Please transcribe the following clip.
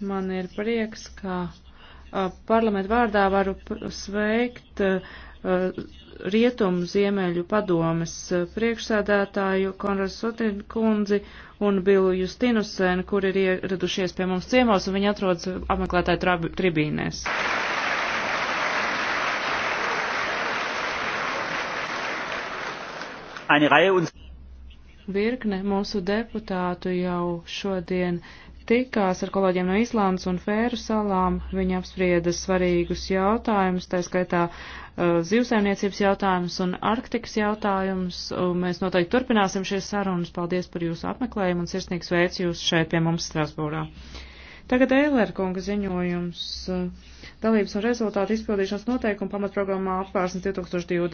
Man ir prieks, ka parlamentu vārdā varu sveikt Rietumu Ziemeļu padomes priekšsēdētāju Konrads Sotinu kundzi un Bilu Justinusenu, kur ir ieradušies pie mums ciemos un viņi atrodas apmeklētāju tribīnēs. Virkne mūsu deputātu jau šodien tikās ar kolēģiem no Islandes un Fēru salām. Viņi apsprieda svarīgus jautājumus, tā skaitā uh, zivsaimniecības jautājumus un Arktikas jautājumus. Mēs noteikti turpināsim šīs sarunas. Paldies par jūsu apmeklējumu un sirsnīgs veids jūs šeit pie mums Strasbūrā. Tagad Eilera kunga ziņojums. Dalības un rezultātu izpildīšanas noteikumu pamatprogrammā apvērsnes 2020.